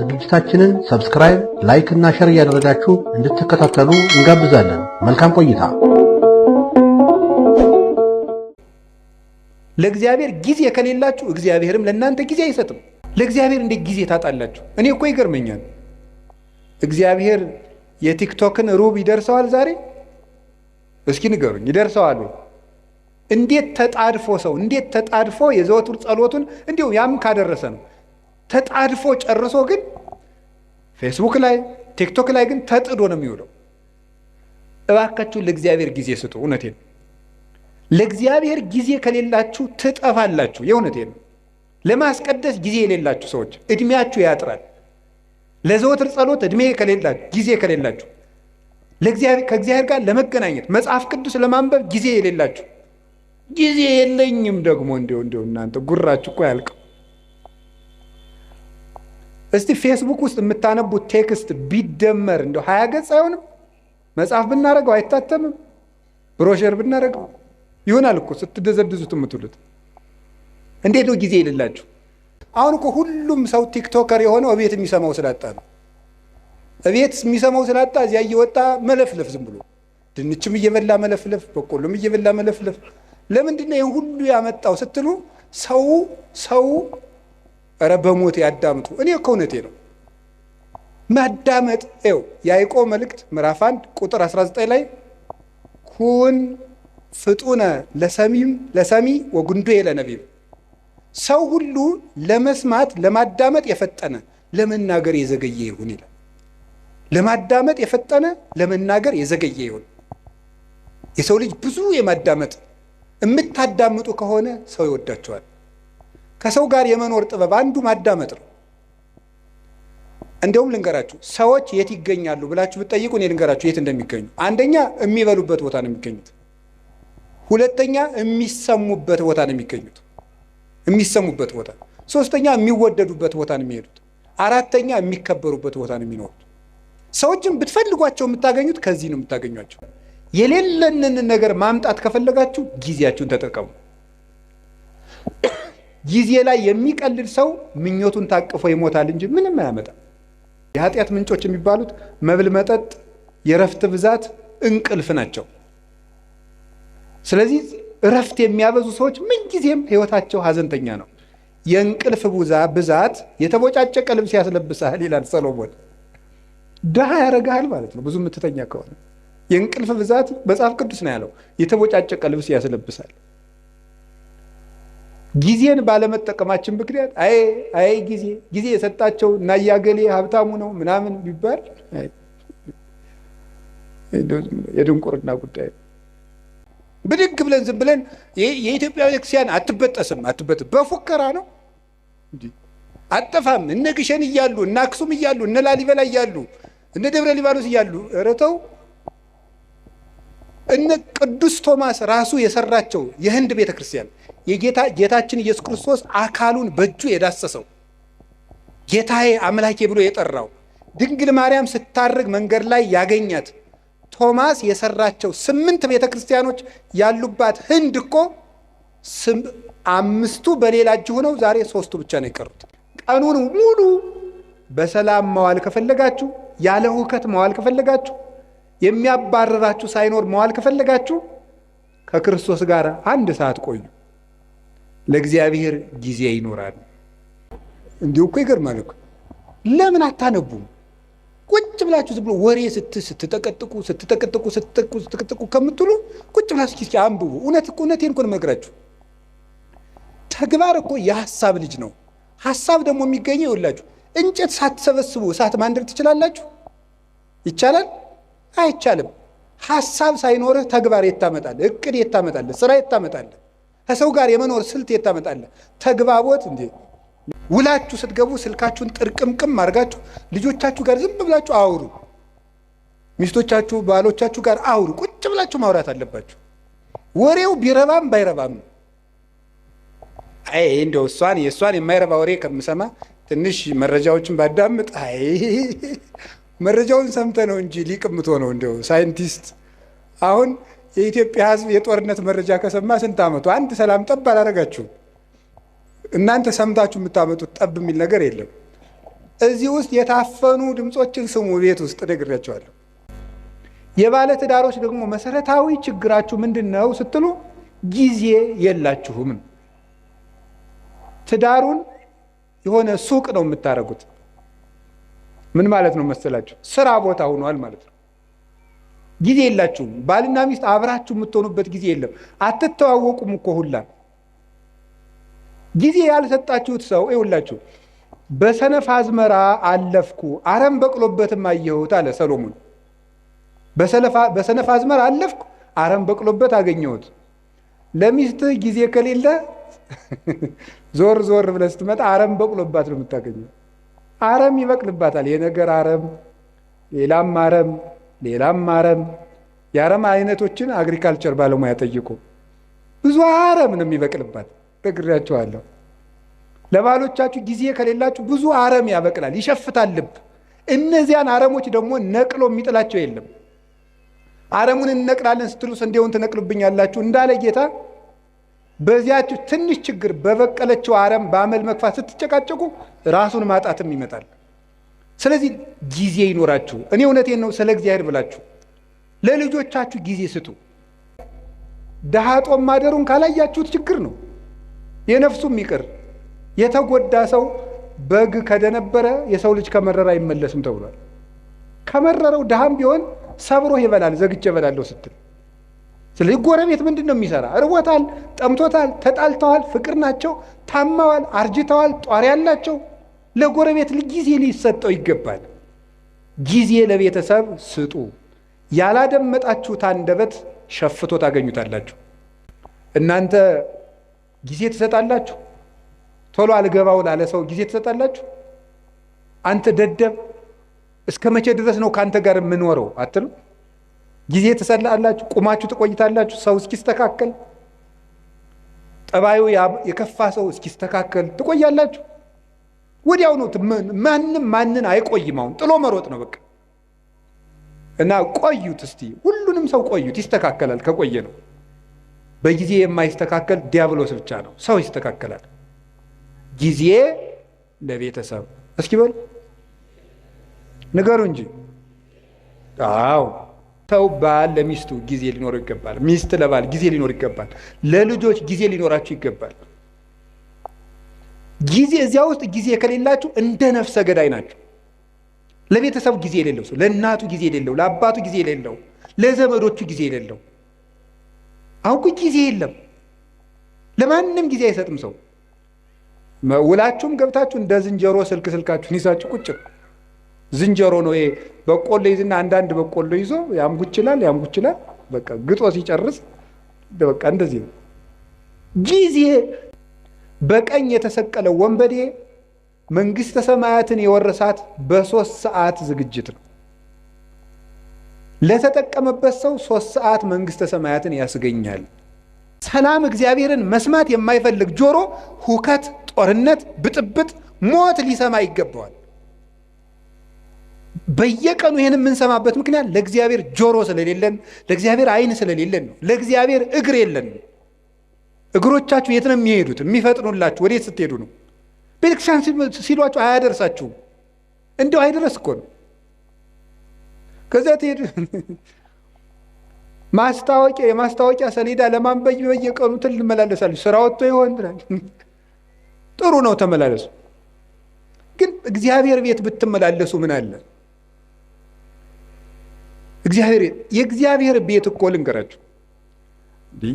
ዝግጅታችንን ሰብስክራይብ፣ ላይክ እና ሸር እያደረጋችሁ እንድትከታተሉ እንጋብዛለን። መልካም ቆይታ። ለእግዚአብሔር ጊዜ ከሌላችሁ እግዚአብሔርም ለእናንተ ጊዜ አይሰጥም። ለእግዚአብሔር እንዴት ጊዜ ታጣላችሁ? እኔ እኮ ይገርመኛል። እግዚአብሔር የቲክቶክን ሩብ ይደርሰዋል ዛሬ? እስኪ ንገሩኝ፣ ይደርሰዋል ወይ? እንዴት ተጣድፎ ሰው እንዴት ተጣድፎ የዘወትር ጸሎቱን እንዲሁ ያም ካደረሰ ነው ተጣድፎ ጨርሶ ግን ፌስቡክ ላይ ቲክቶክ ላይ ግን ተጥዶ ነው የሚውለው። እባካችሁ ለእግዚአብሔር ጊዜ ስጡ። እውነቴ ነው። ለእግዚአብሔር ጊዜ ከሌላችሁ ትጠፋላችሁ። የእውነቴ ነው። ለማስቀደስ ጊዜ የሌላችሁ ሰዎች እድሜያችሁ ያጥራል። ለዘወትር ጸሎት እድሜ ከሌላችሁ ጊዜ ከሌላችሁ ከእግዚአብሔር ጋር ለመገናኘት መጽሐፍ ቅዱስ ለማንበብ ጊዜ የሌላችሁ ጊዜ የለኝም ደግሞ እንዲሁ እንዲሁ እናንተ ጉራችሁ እኮ ያልቀው እስቲ ፌስቡክ ውስጥ የምታነቡት ቴክስት ቢደመር እንደው ሀያ ገጽ አይሆንም። መጽሐፍ ብናደረገው አይታተምም። ብሮሸር ብናደረገው ይሆናል እኮ ስትደዘድዙት የምትሉት እንዴት ነው? ጊዜ የሌላችሁ አሁን እኮ ሁሉም ሰው ቲክቶከር የሆነው እቤት የሚሰማው ስላጣ ነው። እቤት የሚሰማው ስላጣ እዚያ እየወጣ መለፍለፍ ዝም ብሎ ድንችም እየበላ መለፍለፍ፣ በቆሎም እየበላ መለፍለፍ። ለምንድነው ይህን ሁሉ ያመጣው ስትሉ ሰው ሰው ኧረ በሞት ያዳምጡ። እኔ እኮ እውነቴ ነው ማዳመጥ ው የያዕቆብ መልእክት ምዕራፍ 1 ቁጥር 19 ላይ ኩን ፍጡነ ለሰሚም ለሰሚ ወጉንዶ ለነቢም ሰው ሁሉ ለመስማት ለማዳመጥ የፈጠነ ለመናገር የዘገየ ይሁን ይላል። ለማዳመጥ የፈጠነ ለመናገር የዘገየ ይሁን። የሰው ልጅ ብዙ የማዳመጥ የምታዳምጡ ከሆነ ሰው ይወዳቸዋል። ከሰው ጋር የመኖር ጥበብ አንዱ ማዳመጥ ነው። እንደውም ልንገራችሁ፣ ሰዎች የት ይገኛሉ ብላችሁ ብትጠይቁ እኔ ልንገራችሁ የት እንደሚገኙ። አንደኛ የሚበሉበት ቦታ ነው የሚገኙት። ሁለተኛ የሚሰሙበት ቦታ ነው የሚገኙት፣ የሚሰሙበት ቦታ። ሶስተኛ የሚወደዱበት ቦታ ነው የሚሄዱት። አራተኛ የሚከበሩበት ቦታ ነው የሚኖሩት። ሰዎችን ብትፈልጓቸው የምታገኙት ከዚህ ነው የምታገኟቸው። የሌለንን ነገር ማምጣት ከፈለጋችሁ ጊዜያችሁን ተጠቀሙ። ጊዜ ላይ የሚቀልድ ሰው ምኞቱን ታቅፎ ይሞታል እንጂ ምንም አያመጣም። የኃጢአት ምንጮች የሚባሉት መብል፣ መጠጥ፣ የእረፍት ብዛት፣ እንቅልፍ ናቸው። ስለዚህ እረፍት የሚያበዙ ሰዎች ምንጊዜም ህይወታቸው ሀዘንተኛ ነው። የእንቅልፍ ብዛት የተቦጫጨቀ ልብስ ያስለብሳል ይላል ሰሎሞን። ድሃ ያረግሃል ማለት ነው ብዙ የምትተኛ ከሆነ። የእንቅልፍ ብዛት መጽሐፍ ቅዱስ ነው ያለው፣ የተቦጫጨቀ ልብስ ያስለብሳል። ጊዜን ባለመጠቀማችን ምክንያት አይ አይ ጊዜ ጊዜ የሰጣቸው እና እያገሌ ሀብታሙ ነው ምናምን ቢባል የድንቁርና ጉዳይ ነው። ብድግ ብለን ዝም ብለን የኢትዮጵያ ቤተክርስቲያን አትበጠስም አትበጥ በፉከራ ነው። አጠፋም እነ ግሸን እያሉ እነ አክሱም እያሉ እነ ላሊበላ እያሉ እነ ደብረ ሊባኖስ እያሉ ረተው እነ ቅዱስ ቶማስ ራሱ የሰራቸው የህንድ ቤተክርስቲያን የጌታ ጌታችን ኢየሱስ ክርስቶስ አካሉን በእጁ የዳሰሰው ጌታዬ አምላኬ ብሎ የጠራው ድንግል ማርያም ስታርግ መንገድ ላይ ያገኛት ቶማስ የሰራቸው ስምንት ቤተ ክርስቲያኖች ያሉባት ህንድ እኮ አምስቱ በሌላ እጅ ሆነው ዛሬ ሶስቱ ብቻ ነው የቀሩት። ቀኑን ሙሉ በሰላም መዋል ከፈለጋችሁ፣ ያለ ሁከት መዋል ከፈለጋችሁ፣ የሚያባረራችሁ ሳይኖር መዋል ከፈለጋችሁ ከክርስቶስ ጋር አንድ ሰዓት ቆዩ። ለእግዚአብሔር ጊዜ ይኖራል። እንዲሁ እኮ ይገርማል እኮ ለምን አታነቡም? ቁጭ ብላችሁ ዝም ብሎ ወሬ ስትጠቀጥቁ ስትጠቀጥቁ ስትጠቁ ስትጠቅጥቁ ከምትሉ ቁጭ ብላችሁ እስኪ አንብቡ። እውነት እኮ እውነቴን እኮ ነው ተግባር እኮ የሀሳብ ልጅ ነው። ሀሳብ ደግሞ የሚገኘው ይኸውላችሁ እንጨት ሳትሰበስቡ እሳት ማንደድ ትችላላችሁ? ይቻላል? አይቻልም። ሀሳብ ሳይኖርህ ተግባር የታመጣል? እቅድ የታመጣል? ስራ የታመጣል? ከሰው ጋር የመኖር ስልት የታመጣለ ተግባቦት እንዴ ውላችሁ ስትገቡ ስልካችሁን ጥርቅምቅም አድርጋችሁ ልጆቻችሁ ጋር ዝም ብላችሁ አውሩ። ሚስቶቻችሁ ባሎቻችሁ ጋር አውሩ። ቁጭ ብላችሁ ማውራት አለባችሁ። ወሬው ቢረባም ባይረባም አይ እንዲያው እሷን የእሷን የማይረባ ወሬ ከምሰማ ትንሽ መረጃዎችን ባዳምጥ። አይ መረጃውን ሰምተ ነው እንጂ ሊቅምቶ ነው እንደው ሳይንቲስት አሁን የኢትዮጵያ ሕዝብ የጦርነት መረጃ ከሰማ ስንት አመቱ? አንድ ሰላም ጠብ አላደረጋችሁም። እናንተ ሰምታችሁ የምታመጡት ጠብ የሚል ነገር የለም። እዚህ ውስጥ የታፈኑ ድምፆችን ስሙ። ቤት ውስጥ ነግሬያቸዋለሁ። የባለ ትዳሮች ደግሞ መሰረታዊ ችግራችሁ ምንድን ነው ስትሉ ጊዜ የላችሁም። ትዳሩን የሆነ ሱቅ ነው የምታደርጉት። ምን ማለት ነው መሰላችሁ? ስራ ቦታ ሆኗል ማለት ነው። ጊዜ የላችሁም። ባልና ሚስት አብራችሁ የምትሆኑበት ጊዜ የለም። አትተዋወቁም እኮ ሁላ ጊዜ ያልሰጣችሁት ሰው ይውላችሁ። በሰነፍ አዝመራ አለፍኩ አረም በቅሎበትም አየሁት አለ ሰሎሞን። በሰነፍ አዝመራ አለፍኩ አረም በቅሎበት አገኘሁት። ለሚስት ጊዜ ከሌለ ዞር ዞር ብለህ ስትመጣ አረም በቅሎባት ነው የምታገኘው። አረም ይበቅልባታል። የነገር አረም፣ ሌላም አረም ሌላም አረም የአረም አይነቶችን አግሪካልቸር ባለሙያ ጠይቁ። ብዙ አረም ነው የሚበቅልባት። ነግሬያቸዋለሁ። ለባሎቻችሁ ጊዜ ከሌላችሁ ብዙ አረም ያበቅላል፣ ይሸፍታል ልብ። እነዚያን አረሞች ደግሞ ነቅሎ የሚጥላቸው የለም። አረሙን እንነቅላለን ስትሉ ስንዴውን ትነቅሉብኛላችሁ እንዳለ ጌታ በዚያችሁ ትንሽ ችግር በበቀለችው አረም በአመል መግፋት ስትጨቃጨቁ ራሱን ማጣትም ይመጣል። ስለዚህ ጊዜ ይኖራችሁ። እኔ እውነቴን ነው፣ ስለ እግዚአብሔር ብላችሁ ለልጆቻችሁ ጊዜ ስጡ። ድሃ ጦም ማደሩን ካላያችሁት ችግር ነው። የነፍሱም ይቅር የተጎዳ ሰው በግ ከደነበረ የሰው ልጅ ከመረረ አይመለስም ተብሏል። ከመረረው ድሃም ቢሆን ሰብሮ ይበላል። ዘግቼ እበላለሁ ስትል ስለዚህ ጎረቤት ምንድን ነው የሚሰራ? ርቦታል፣ ጠምቶታል፣ ተጣልተዋል፣ ፍቅር ናቸው፣ ታማዋል፣ አርጅተዋል፣ ጧሪ ያላቸው ለጎረቤት ጊዜ ሊሰጠው ይገባል። ጊዜ ለቤተሰብ ስጡ። ያላደመጣችሁት አንደበት ሸፍቶ ታገኙታላችሁ። እናንተ ጊዜ ትሰጣላችሁ? ቶሎ አልገባው ላለ ሰው ጊዜ ትሰጣላችሁ? አንተ ደደብ እስከ መቼ ድረስ ነው ከአንተ ጋር የምኖረው አትሉ? ጊዜ ትሰላላችሁ? ቁማችሁ ትቆይታላችሁ? ሰው እስኪስተካከል ጠባዩ የከፋ ሰው እስኪስተካከል ትቆያላችሁ። ወዲያው ነው። ማንም ማንን አይቆይም። አሁን ጥሎ መሮጥ ነው በቃ። እና ቆዩት እስቲ ሁሉንም ሰው ቆዩት፣ ይስተካከላል። ከቆየ ነው በጊዜ የማይስተካከል ዲያብሎስ ብቻ ነው። ሰው ይስተካከላል። ጊዜ ለቤተሰብ እስኪ በሉ ንገሩ እንጂ። አዎ ሰው ባል ለሚስቱ ጊዜ ሊኖረው ይገባል። ሚስት ለባል ጊዜ ሊኖር ይገባል። ለልጆች ጊዜ ሊኖራቸው ይገባል። ጊዜ እዚያ ውስጥ ጊዜ ከሌላችሁ እንደ ነፍሰ ገዳይ ናቸው። ለቤተሰቡ ጊዜ የሌለው ሰው፣ ለእናቱ ጊዜ የሌለው፣ ለአባቱ ጊዜ የሌለው፣ ለዘመዶቹ ጊዜ የሌለው። አውቁ ጊዜ የለም፣ ለማንም ጊዜ አይሰጥም ሰው። ውላችሁም ገብታችሁ እንደ ዝንጀሮ ስልክ ስልካችሁን ይዛችሁ ቁጭ ዝንጀሮ ነው ይሄ። በቆሎ ይዝና አንዳንድ በቆሎ ይዞ ያምጉ ይችላል ያምጉ ይችላል። በቃ ግጦ ሲጨርስ በቃ እንደዚህ ነው ጊዜ በቀኝ የተሰቀለው ወንበዴ መንግሥተ ሰማያትን የወረሳት በሦስት ሰዓት ዝግጅት ነው። ለተጠቀመበት ሰው ሦስት ሰዓት መንግሥተ ሰማያትን ያስገኛል። ሰላም እግዚአብሔርን መስማት የማይፈልግ ጆሮ ሁከት፣ ጦርነት፣ ብጥብጥ፣ ሞት ሊሰማ ይገባዋል። በየቀኑ ይህን የምንሰማበት ምክንያት ለእግዚአብሔር ጆሮ ስለሌለን፣ ለእግዚአብሔር ዓይን ስለሌለን ነው። ለእግዚአብሔር እግር የለን ነው። እግሮቻችሁ የት ነው የሚሄዱት? የሚፈጥኑላችሁ ወዴት ስትሄዱ ነው? ቤተክርስቲያን ሲሏችሁ አያደርሳችሁም። እንዲሁ አይደረስ እኮ ነው። ከዚያ ትሄዱ ማስታወቂያ የማስታወቂያ ሰሌዳ ለማንበይ በየቀኑ ትል ልመላለሳለሁ ስራ ወጥቶ ይሆን ጥሩ ነው ተመላለሱ። ግን እግዚአብሔር ቤት ብትመላለሱ ምን አለ? እግዚአብሔር የእግዚአብሔር ቤት እኮ ልንገራችሁ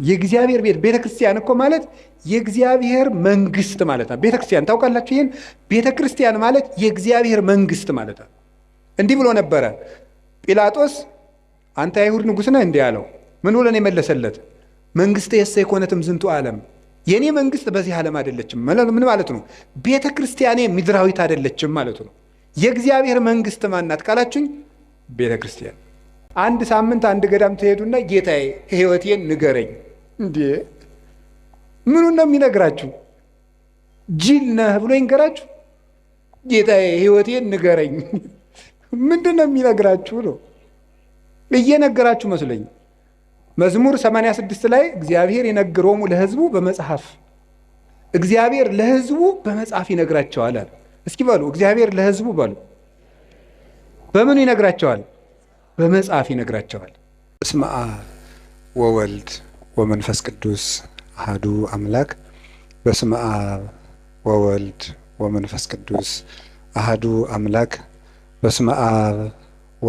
የእግዚአብሔር ቤት ቤተክርስቲያን እኮ ማለት የእግዚአብሔር መንግስት ማለት ነው። ቤተክርስቲያን ታውቃላችሁ ይህን። ቤተክርስቲያን ማለት የእግዚአብሔር መንግስት ማለት ነው። እንዲህ ብሎ ነበረ ጲላጦስ፣ አንተ አይሁድ ንጉሥ ነህ እንዲህ አለው። ምን ብሎ ነው የመለሰለት? መንግስት የሰ የኮነትም ዝንቱ ዓለም የእኔ መንግስት በዚህ ዓለም አይደለችም። ምን ማለት ነው? ቤተ ክርስቲያኔ ምድራዊት አይደለችም ማለት ነው። የእግዚአብሔር መንግስት ማናት ካላችሁኝ ቤተ ክርስቲያን አንድ ሳምንት አንድ ገዳም ትሄዱና ጌታዬ ህይወቴ ንገረኝ። እንዴ ምኑ ነው የሚነግራችሁ? ጅል ነህ ብሎ ይንገራችሁ? ጌታዬ ህይወቴ ንገረኝ። ምንድን ነው የሚነግራችሁ ነው? እየነገራችሁ መስለኝ። መዝሙር 86 ላይ እግዚአብሔር ይነግሮሙ ለህዝቡ በመጽሐፍ እግዚአብሔር ለህዝቡ በመጽሐፍ ይነግራቸዋል አለ። እስኪ በሉ እግዚአብሔር ለህዝቡ በሉ በምኑ ይነግራቸዋል? በመጽሐፍ ይነግራቸዋል። እስመ አብ ወወልድ ወመንፈስ ቅዱስ አህዱ አምላክ። በስመ አብ ወወልድ ወመንፈስ ቅዱስ አህዱ አምላክ። በስመ አብ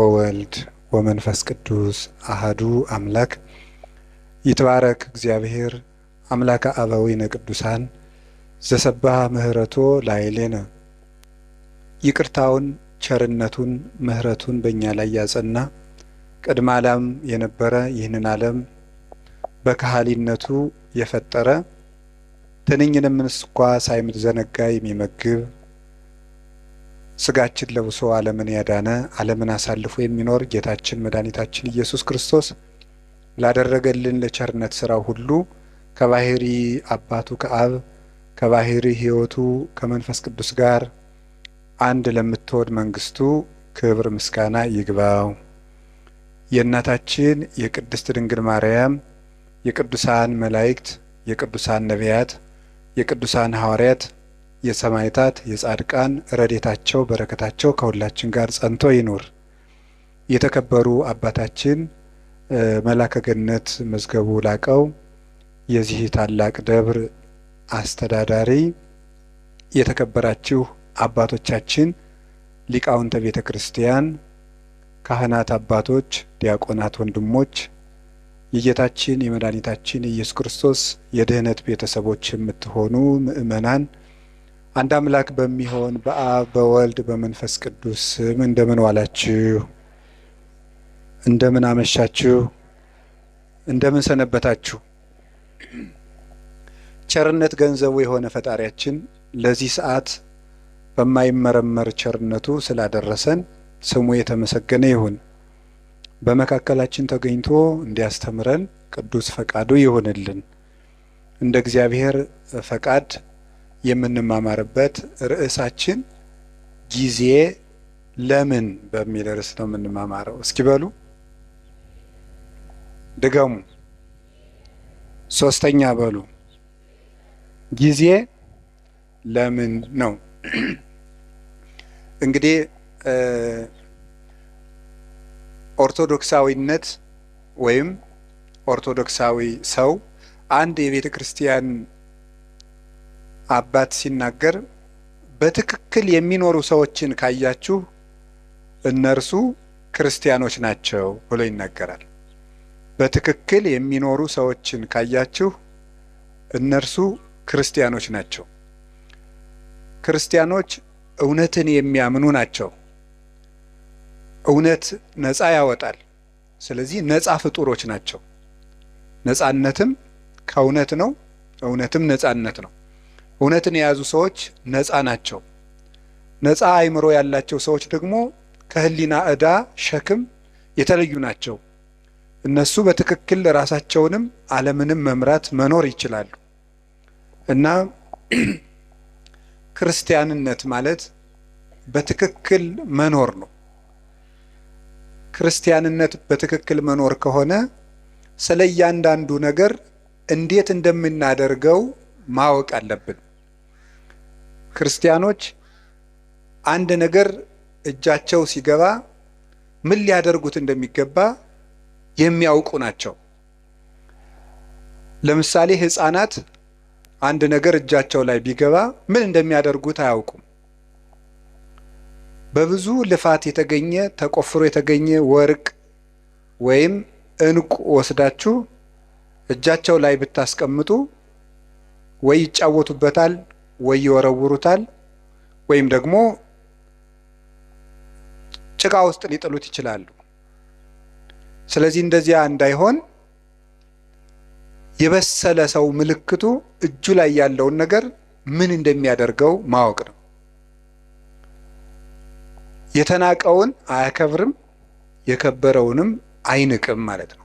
ወወልድ ወመንፈስ ቅዱስ አህዱ አምላክ። ይትባረክ እግዚአብሔር አምላከ አበዊነ ቅዱሳን ዘሰባ ምህረቶ ላይሌነ ይቅርታውን ቸርነቱን ምሕረቱን በእኛ ላይ ያጸና ቅድመ ዓለም የነበረ ይህንን ዓለም በካህሊነቱ የፈጠረ ትንኝንም እንስኳ ሳይምት ዘነጋ የሚመግብ ስጋችን ለብሶ ዓለምን ያዳነ ዓለምን አሳልፎ የሚኖር ጌታችን መድኃኒታችን ኢየሱስ ክርስቶስ ላደረገልን ለቸርነት ስራው ሁሉ ከባህሪ አባቱ ከአብ ከባህሪ ሕይወቱ ከመንፈስ ቅዱስ ጋር አንድ ለምትወድ መንግስቱ ክብር ምስጋና ይግባው። የእናታችን የቅድስት ድንግል ማርያም የቅዱሳን መላእክት፣ የቅዱሳን ነቢያት፣ የቅዱሳን ሐዋርያት፣ የሰማይታት የጻድቃን ረዴታቸው በረከታቸው ከሁላችን ጋር ጸንቶ ይኑር። የተከበሩ አባታችን መላከ ገነት መዝገቡ ላቀው የዚህ ታላቅ ደብር አስተዳዳሪ የተከበራችሁ አባቶቻችን ሊቃውንተ ቤተ ክርስቲያን፣ ካህናት አባቶች፣ ዲያቆናት ወንድሞች፣ የጌታችን የመድኃኒታችን የኢየሱስ ክርስቶስ የድህነት ቤተሰቦች የምትሆኑ ምእመናን አንድ አምላክ በሚሆን በአብ በወልድ በመንፈስ ቅዱስ ስም እንደምን ዋላችሁ? እንደምን አመሻችሁ? እንደምን ሰነበታችሁ? ቸርነት ገንዘቡ የሆነ ፈጣሪያችን ለዚህ ሰዓት በማይመረመር ቸርነቱ ስላደረሰን ስሙ የተመሰገነ ይሁን። በመካከላችን ተገኝቶ እንዲያስተምረን ቅዱስ ፈቃዱ ይሁንልን። እንደ እግዚአብሔር ፈቃድ የምንማማርበት ርዕሳችን ጊዜ ለምን በሚል ርዕስ ነው የምንማማረው። እስኪ በሉ ድገሙ። ሶስተኛ በሉ ጊዜ ለምን ነው። እንግዲህ ኦርቶዶክሳዊነት ወይም ኦርቶዶክሳዊ ሰው አንድ የቤተ ክርስቲያን አባት ሲናገር በትክክል የሚኖሩ ሰዎችን ካያችሁ እነርሱ ክርስቲያኖች ናቸው ብሎ ይናገራል። በትክክል የሚኖሩ ሰዎችን ካያችሁ እነርሱ ክርስቲያኖች ናቸው። ክርስቲያኖች እውነትን የሚያምኑ ናቸው። እውነት ነፃ ያወጣል። ስለዚህ ነፃ ፍጡሮች ናቸው። ነፃነትም ከእውነት ነው፣ እውነትም ነፃነት ነው። እውነትን የያዙ ሰዎች ነፃ ናቸው። ነፃ አይምሮ ያላቸው ሰዎች ደግሞ ከህሊና ዕዳ ሸክም የተለዩ ናቸው። እነሱ በትክክል ራሳቸውንም ዓለምንም መምራት መኖር ይችላሉ እና ክርስቲያንነት ማለት በትክክል መኖር ነው። ክርስቲያንነት በትክክል መኖር ከሆነ ስለ እያንዳንዱ ነገር እንዴት እንደምናደርገው ማወቅ አለብን። ክርስቲያኖች አንድ ነገር እጃቸው ሲገባ ምን ሊያደርጉት እንደሚገባ የሚያውቁ ናቸው። ለምሳሌ ሕፃናት አንድ ነገር እጃቸው ላይ ቢገባ ምን እንደሚያደርጉት አያውቁም። በብዙ ልፋት የተገኘ ተቆፍሮ የተገኘ ወርቅ ወይም እንቁ ወስዳችሁ እጃቸው ላይ ብታስቀምጡ ወይ ይጫወቱበታል፣ ወይ ይወረውሩታል፣ ወይም ደግሞ ጭቃ ውስጥ ሊጥሉት ይችላሉ። ስለዚህ እንደዚያ እንዳይሆን የበሰለ ሰው ምልክቱ እጁ ላይ ያለውን ነገር ምን እንደሚያደርገው ማወቅ ነው። የተናቀውን አያከብርም፣ የከበረውንም አይንቅም ማለት ነው።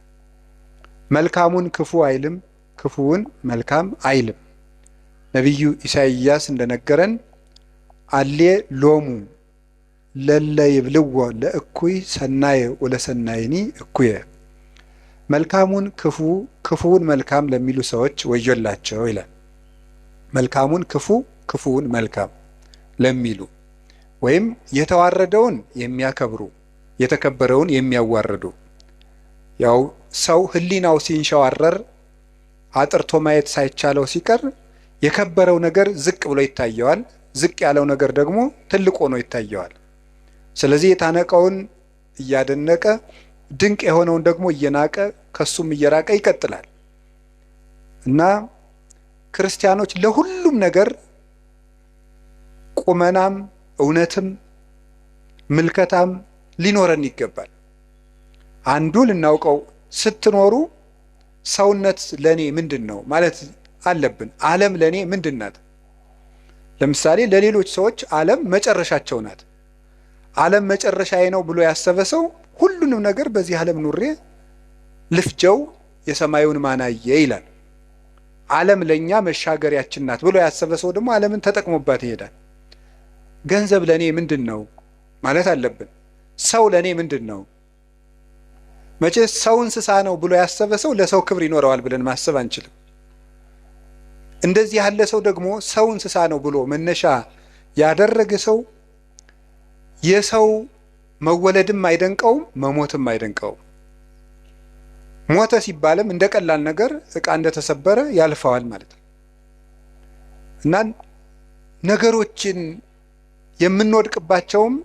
መልካሙን ክፉ አይልም፣ ክፉውን መልካም አይልም። ነቢዩ ኢሳይያስ እንደነገረን አሌ ሎሙ ለለይብልዎ ለእኩይ ሰናየ ወለሰናይኒ እኩየ መልካሙን ክፉ ክፉውን መልካም ለሚሉ ሰዎች ወዮላቸው ይላል። መልካሙን ክፉ ክፉውን መልካም ለሚሉ ወይም የተዋረደውን የሚያከብሩ የተከበረውን የሚያዋርዱ ያው ሰው ህሊናው ሲንሸዋረር አጥርቶ ማየት ሳይቻለው ሲቀር የከበረው ነገር ዝቅ ብሎ ይታየዋል። ዝቅ ያለው ነገር ደግሞ ትልቅ ሆኖ ይታየዋል። ስለዚህ የታነቀውን እያደነቀ ድንቅ የሆነውን ደግሞ እየናቀ ከሱም እየራቀ ይቀጥላል እና ክርስቲያኖች ለሁሉም ነገር ቁመናም እውነትም ምልከታም ሊኖረን ይገባል። አንዱ ልናውቀው ስትኖሩ ሰውነት ለእኔ ምንድን ነው ማለት አለብን። ዓለም ለእኔ ምንድን ናት? ለምሳሌ ለሌሎች ሰዎች ዓለም መጨረሻቸው ናት። ዓለም መጨረሻዬ ነው ብሎ ያሰበ ሰው ሁሉንም ነገር በዚህ ዓለም ኑሬ ልፍጀው የሰማዩን ማናየ ይላል። ዓለም ለእኛ መሻገሪያችን ናት ብሎ ያሰበ ሰው ደግሞ ዓለምን ተጠቅሞባት ይሄዳል። ገንዘብ ለእኔ ምንድን ነው ማለት አለብን። ሰው ለእኔ ምንድን ነው? መቼ ሰው እንስሳ ነው ብሎ ያሰበ ሰው ለሰው ክብር ይኖረዋል ብለን ማሰብ አንችልም። እንደዚህ ያለ ሰው ደግሞ ሰው እንስሳ ነው ብሎ መነሻ ያደረገ ሰው የሰው መወለድም አይደንቀውም፣ መሞትም አይደንቀውም። ሞተ ሲባልም እንደ ቀላል ነገር እቃ እንደተሰበረ ያልፈዋል ማለት ነው እና ነገሮችን የምንወድቅባቸውም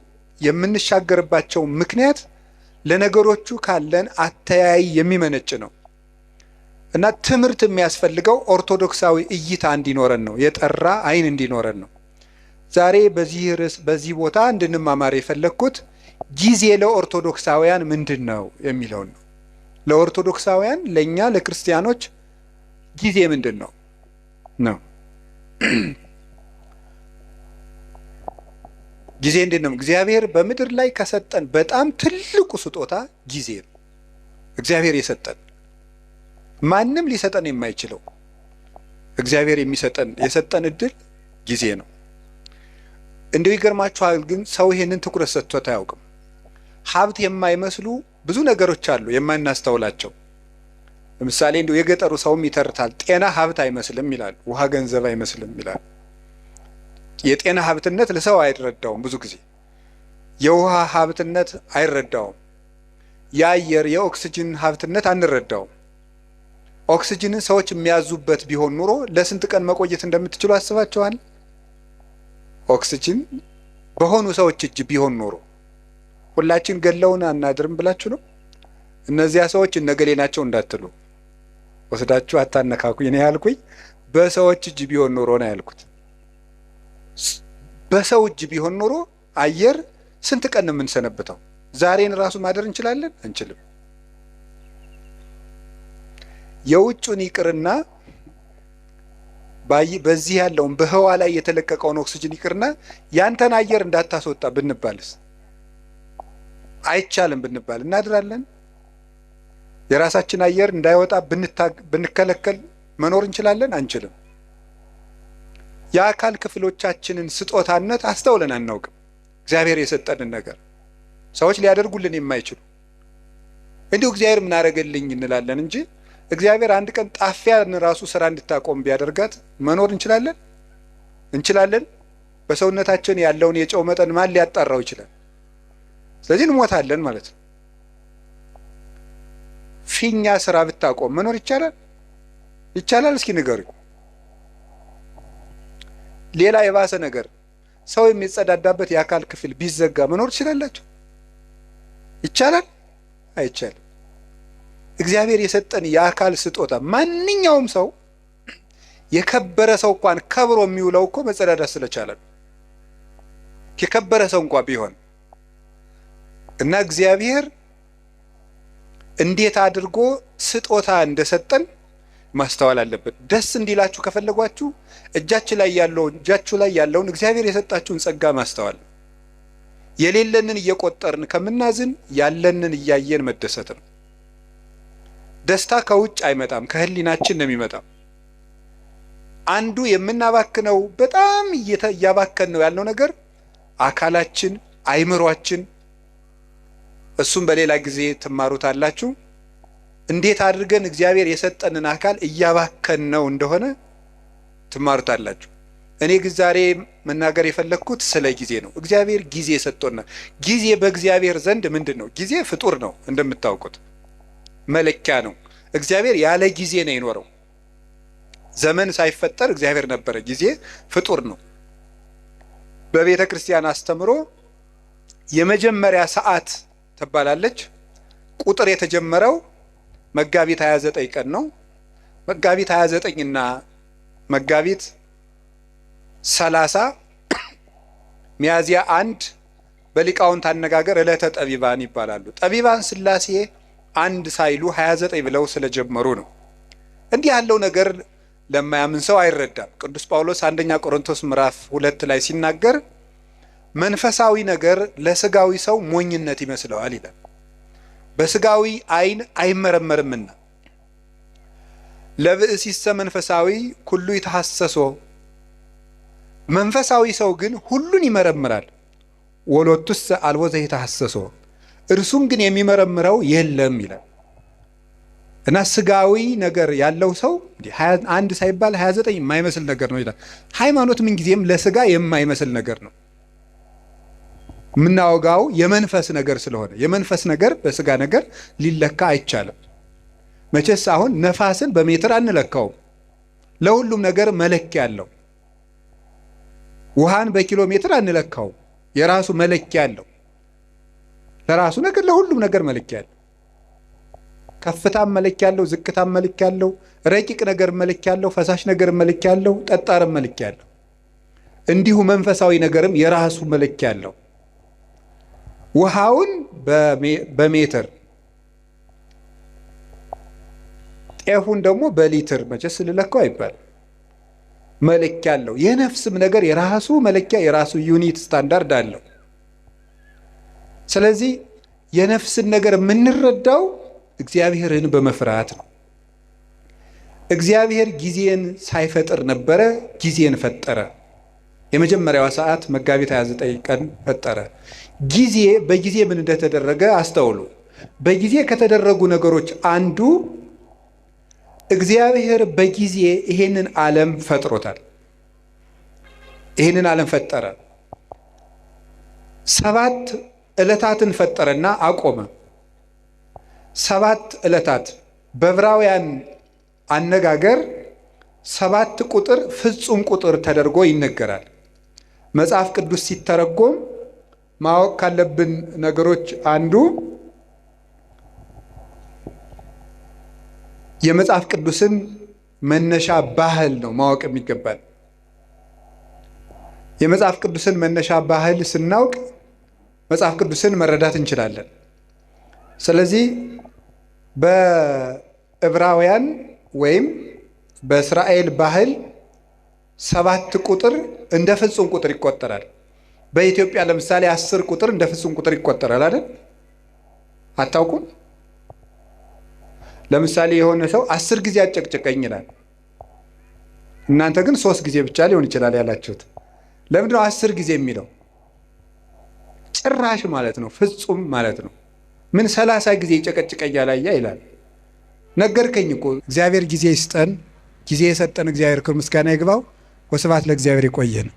የምንሻገርባቸውም ምክንያት ለነገሮቹ ካለን አተያይ የሚመነጭ ነው እና ትምህርት የሚያስፈልገው ኦርቶዶክሳዊ እይታ እንዲኖረን ነው፣ የጠራ አይን እንዲኖረን ነው። ዛሬ በዚህ ርዕስ በዚህ ቦታ እንድንማማር የፈለግኩት ጊዜ ለኦርቶዶክሳውያን ምንድን ነው የሚለውን ነው። ለኦርቶዶክሳውያን፣ ለእኛ ለክርስቲያኖች ጊዜ ምንድን ነው ነው? ጊዜ እንዴት ነው? እግዚአብሔር በምድር ላይ ከሰጠን በጣም ትልቁ ስጦታ ጊዜ ነው። እግዚአብሔር የሰጠን ማንም ሊሰጠን የማይችለው እግዚአብሔር የሚሰጠን የሰጠን እድል ጊዜ ነው። እንደው ይገርማችኋል፣ ግን ሰው ይሄንን ትኩረት ሰጥቶት አያውቅም። ሀብት የማይመስሉ ብዙ ነገሮች አሉ የማናስተውላቸው። ለምሳሌ እንዲሁ የገጠሩ ሰውም ይተርታል። ጤና ሀብት አይመስልም ይላል። ውሃ ገንዘብ አይመስልም ይላል። የጤና ሀብትነት ለሰው አይረዳውም። ብዙ ጊዜ የውሃ ሀብትነት አይረዳውም። የአየር የኦክስጅን ሀብትነት አንረዳውም። ኦክስጅንን ሰዎች የሚያዙበት ቢሆን ኑሮ ለስንት ቀን መቆየት እንደምትችሉ አስባችኋል? ኦክስጅን በሆኑ ሰዎች እጅ ቢሆን ኖሮ ሁላችን ገለውን አናድርም ብላችሁ ነው። እነዚያ ሰዎች እነገሌ ናቸው እንዳትሉ ወስዳችሁ አታነካኩኝ። እኔ ያልኩኝ በሰዎች እጅ ቢሆን ኖሮ ነው ያልኩት። በሰው እጅ ቢሆን ኖሮ አየር ስንት ቀን የምንሰነብተው? ዛሬን ራሱ ማደር እንችላለን አንችልም። የውጩን ይቅርና በዚህ ያለውን በህዋ ላይ የተለቀቀውን ኦክስጅን ይቅርና ያንተን አየር እንዳታስወጣ ብንባልስ አይቻልም ብንባል እናድራለን? የራሳችን አየር እንዳይወጣ ብንከለከል መኖር እንችላለን? አንችልም። የአካል ክፍሎቻችንን ስጦታነት አስተውለን አናውቅም። እግዚአብሔር የሰጠንን ነገር ሰዎች ሊያደርጉልን የማይችሉ እንዲሁ እግዚአብሔር ምናደረገልኝ እንላለን እንጂ እግዚአብሔር አንድ ቀን ጣፊያን ራሱ ስራ እንድታቆም ቢያደርጋት መኖር እንችላለን? እንችላለን። በሰውነታችን ያለውን የጨው መጠን ማን ሊያጣራው ይችላል? ስለዚህ እንሞታለን ማለት ነው። ፊኛ ስራ ብታቆም መኖር ይቻላል ይቻላል? እስኪ ንገሩኝ። ሌላ የባሰ ነገር ሰው የሚጸዳዳበት የአካል ክፍል ቢዘጋ መኖር ትችላላችሁ? ይቻላል? አይቻልም። እግዚአብሔር የሰጠን የአካል ስጦታ ማንኛውም ሰው የከበረ ሰው እንኳን ከብሮ የሚውለው እኮ መጸዳዳት ስለቻለ የከበረ ሰው እንኳን ቢሆን እና እግዚአብሔር እንዴት አድርጎ ስጦታ እንደሰጠን ማስተዋል አለበት። ደስ እንዲላችሁ ከፈለጓችሁ እጃችሁ ላይ ያለውን እጃችሁ ላይ ያለውን እግዚአብሔር የሰጣችሁን ጸጋ ማስተዋል፣ የሌለንን እየቆጠርን ከምናዝን ያለንን እያየን መደሰት ነው። ደስታ ከውጭ አይመጣም፣ ከህሊናችን ነው የሚመጣው። አንዱ የምናባክነው በጣም እያባከን ነው ያለው ነገር አካላችን፣ አይምሯችን እሱም በሌላ ጊዜ ትማሩታላችሁ። እንዴት አድርገን እግዚአብሔር የሰጠንን አካል እያባከን ነው እንደሆነ ትማሩታላችሁ። እኔ ግን ዛሬ መናገር የፈለግኩት ስለ ጊዜ ነው። እግዚአብሔር ጊዜ ሰጥቶና ጊዜ በእግዚአብሔር ዘንድ ምንድን ነው? ጊዜ ፍጡር ነው እንደምታውቁት፣ መለኪያ ነው። እግዚአብሔር ያለ ጊዜ ነው የኖረው። ዘመን ሳይፈጠር እግዚአብሔር ነበረ። ጊዜ ፍጡር ነው። በቤተ ክርስቲያን አስተምሮ የመጀመሪያ ሰዓት ትባላለች። ቁጥር የተጀመረው መጋቢት 29 ቀን ነው። መጋቢት 29 እና መጋቢት 30 ሚያዚያ አንድ በሊቃውንት አነጋገር ዕለተ ጠቢባን ይባላሉ። ጠቢባን ስላሴ አንድ ሳይሉ 29 ብለው ስለጀመሩ ነው። እንዲህ ያለው ነገር ለማያምን ሰው አይረዳም። ቅዱስ ጳውሎስ አንደኛ ቆሮንቶስ ምዕራፍ ሁለት ላይ ሲናገር መንፈሳዊ ነገር ለስጋዊ ሰው ሞኝነት ይመስለዋል ይላል። በስጋዊ አይን አይመረመርምና ለብእሲሰ መንፈሳዊ ኩሉ ይተሐሰሶ፣ መንፈሳዊ ሰው ግን ሁሉን ይመረምራል። ወሎቱስ አልቦ ዘይተሐሰሶ፣ እርሱም ግን የሚመረምረው የለም ይላል እና ስጋዊ ነገር ያለው ሰው አንድ ሳይባል 29 የማይመስል ነገር ነው ይላል። ሃይማኖት ምንጊዜም ለስጋ የማይመስል ነገር ነው። የምናወጋው የመንፈስ ነገር ስለሆነ የመንፈስ ነገር በስጋ ነገር ሊለካ አይቻልም። መቼስ አሁን ነፋስን በሜትር አንለካውም። ለሁሉም ነገር መለኪያ አለው። ውሃን በኪሎ ሜትር አንለካውም። የራሱ መለኪያ አለው። ለራሱ ነገር ለሁሉም ነገር መለኪያ አለው። ከፍታም መለኪያ አለው፣ ዝቅታም መለኪያ አለው፣ ረቂቅ ነገር መለኪያ አለው፣ ፈሳሽ ነገር መለኪያ አለው፣ ጠጣርም መለኪያ አለው። እንዲሁ መንፈሳዊ ነገርም የራሱ መለኪያ አለው። ውሃውን በሜትር ጤፉን ደግሞ በሊትር መቼስ ስልለካው አይባል መለኪያ አለው። የነፍስም ነገር የራሱ መለኪያ የራሱ ዩኒት ስታንዳርድ አለው። ስለዚህ የነፍስን ነገር የምንረዳው እግዚአብሔርን በመፍራት ነው። እግዚአብሔር ጊዜን ሳይፈጥር ነበረ፣ ጊዜን ፈጠረ። የመጀመሪያዋ ሰዓት መጋቢት 29 ቀን ፈጠረ። ጊዜ በጊዜ ምን እንደተደረገ አስተውሉ። በጊዜ ከተደረጉ ነገሮች አንዱ እግዚአብሔር በጊዜ ይሄንን ዓለም ፈጥሮታል። ይሄንን ዓለም ፈጠረ። ሰባት ዕለታትን ፈጠረና አቆመ። ሰባት ዕለታት በዕብራውያን አነጋገር ሰባት ቁጥር ፍጹም ቁጥር ተደርጎ ይነገራል። መጽሐፍ ቅዱስ ሲተረጎም ማወቅ ካለብን ነገሮች አንዱ የመጽሐፍ ቅዱስን መነሻ ባህል ነው ማወቅ የሚገባል። የመጽሐፍ ቅዱስን መነሻ ባህል ስናውቅ መጽሐፍ ቅዱስን መረዳት እንችላለን። ስለዚህ በዕብራውያን ወይም በእስራኤል ባህል ሰባት ቁጥር እንደ ፍጹም ቁጥር ይቆጠራል። በኢትዮጵያ ለምሳሌ አስር ቁጥር እንደ ፍጹም ቁጥር ይቆጠራል አይደል? አታውቁም? ለምሳሌ የሆነ ሰው አስር ጊዜ አጨቅጨቀኝ ይላል። እናንተ ግን ሶስት ጊዜ ብቻ ሊሆን ይችላል ያላችሁት። ለምንድነው አስር ጊዜ የሚለው? ጭራሽ ማለት ነው፣ ፍጹም ማለት ነው። ምን ሰላሳ ጊዜ ይጨቀጭቀኛል አያ ይላል። ነገርከኝ እኮ። እግዚአብሔር ጊዜ ይስጠን። ጊዜ የሰጠን እግዚአብሔር ክብር ምስጋና ይግባው። ወስብሐት ለእግዚአብሔር። ይቆየን።